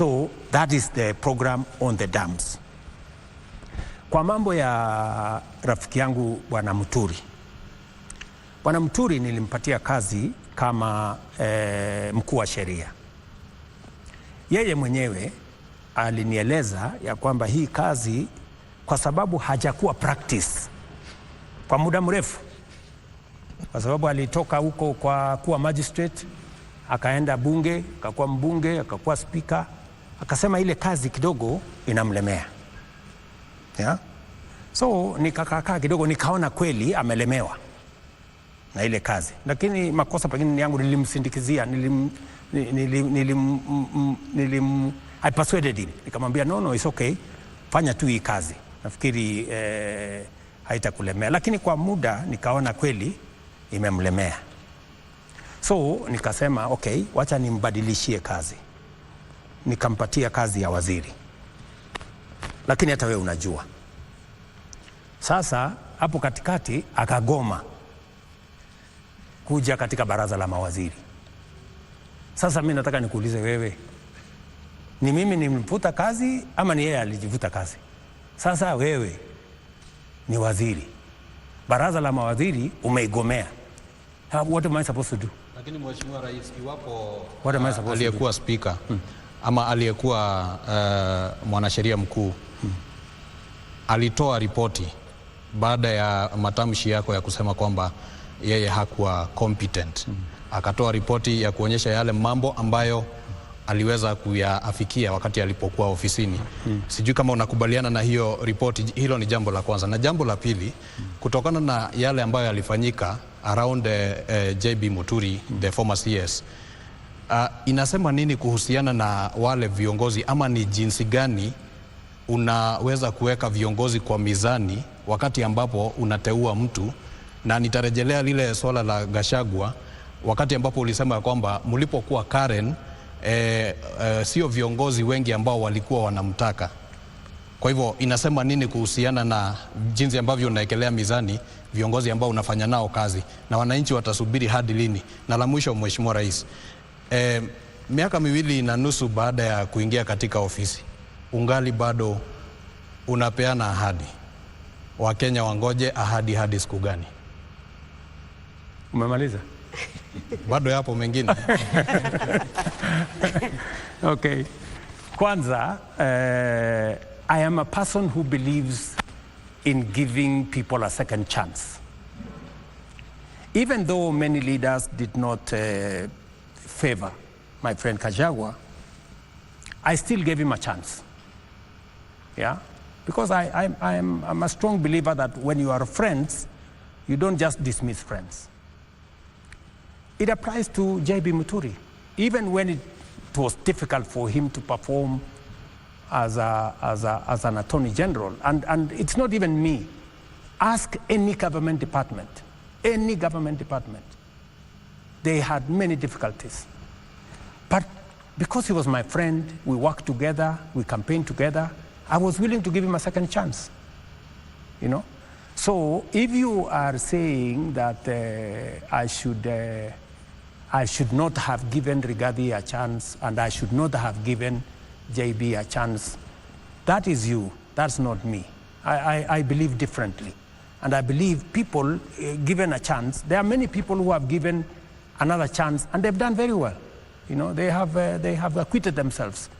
So that is the program on the dams. Kwa mambo ya rafiki yangu Bwana Muturi. Bwana Muturi nilimpatia kazi kama eh, mkuu wa sheria. Yeye mwenyewe alinieleza ya kwamba hii kazi kwa sababu hajakuwa practice kwa muda mrefu, kwa sababu alitoka huko kwa kuwa magistrate, akaenda bunge, akakuwa mbunge, akakuwa spika akasema ile kazi kidogo inamlemea yeah? So nikakakaa kidogo, nikaona kweli amelemewa na ile kazi, lakini makosa pengine ni yangu, nilimsindikizia, nilim, nilim, nilim, mm, nilim, I persuaded him, nikamwambia no, no, it's okay, fanya tu hii kazi, nafikiri eh, haitakulemea. Lakini kwa muda nikaona kweli imemlemea, so nikasema okay, wacha nimbadilishie kazi nikampatia kazi ya waziri, lakini hata wewe unajua. Sasa hapo katikati akagoma kuja katika baraza la mawaziri. Sasa mimi nataka nikuulize wewe, ni mimi nimvuta kazi ama ni yeye alijivuta kazi? Sasa wewe ni waziri, baraza la mawaziri umeigomea. What am I supposed to do? Lakini mheshimiwa rais, iwapo ah, aliyekuwa spika hmm ama aliyekuwa uh, mwanasheria mkuu hmm, alitoa ripoti baada ya matamshi yako ya kusema kwamba yeye hakuwa competent hmm, akatoa ripoti ya kuonyesha yale mambo ambayo aliweza kuyaafikia wakati alipokuwa ofisini hmm. Sijui kama unakubaliana na hiyo ripoti. Hilo ni jambo la kwanza, na jambo la pili hmm, kutokana na yale ambayo yalifanyika around uh, uh, JB Muturi hmm, the former CS Uh, inasema nini kuhusiana na wale viongozi ama ni jinsi gani unaweza kuweka viongozi kwa mizani wakati ambapo unateua mtu, na nitarejelea lile swala la Gashagwa wakati ambapo ulisema ya kwamba mlipokuwa Karen eh, eh, sio viongozi wengi ambao walikuwa wanamtaka. Kwa hivyo inasema nini kuhusiana na jinsi ambavyo unaekelea mizani viongozi ambao unafanya nao kazi, na wananchi watasubiri hadi lini? Na la mwisho, Mheshimiwa Rais, Eh, miaka miwili na nusu baada ya kuingia katika ofisi ungali bado unapeana ahadi. Wakenya wangoje ahadi hadi siku gani? Umemaliza? Bado yapo mengine. Okay. Kwanza, uh, I am a person who believes in giving people a second chance. Even though many leaders did not uh, favor my friend Kajagwa, I still gave him a chance. Yeah? Because I, I, I'm, I'm a strong believer that when you are friends, you don't just dismiss friends. It applies to J.B. Muturi. Even when it, it was difficult for him to perform as, a, as, a, as an attorney general, and, and it's not even me. Ask any government department, any government department they had many difficulties. But because he was my friend, we worked together, we campaigned together, I was willing to give him a second chance. You know? So if you are saying that uh, I should. Uh, I should not have given Rigadi a chance, and I should not have given JB a chance. That is you. That's not me. I, I, I believe differently. And I believe people, uh, given a chance, there are many people who have given another chance, and they've done very well. You know, they have, uh, they have acquitted themselves.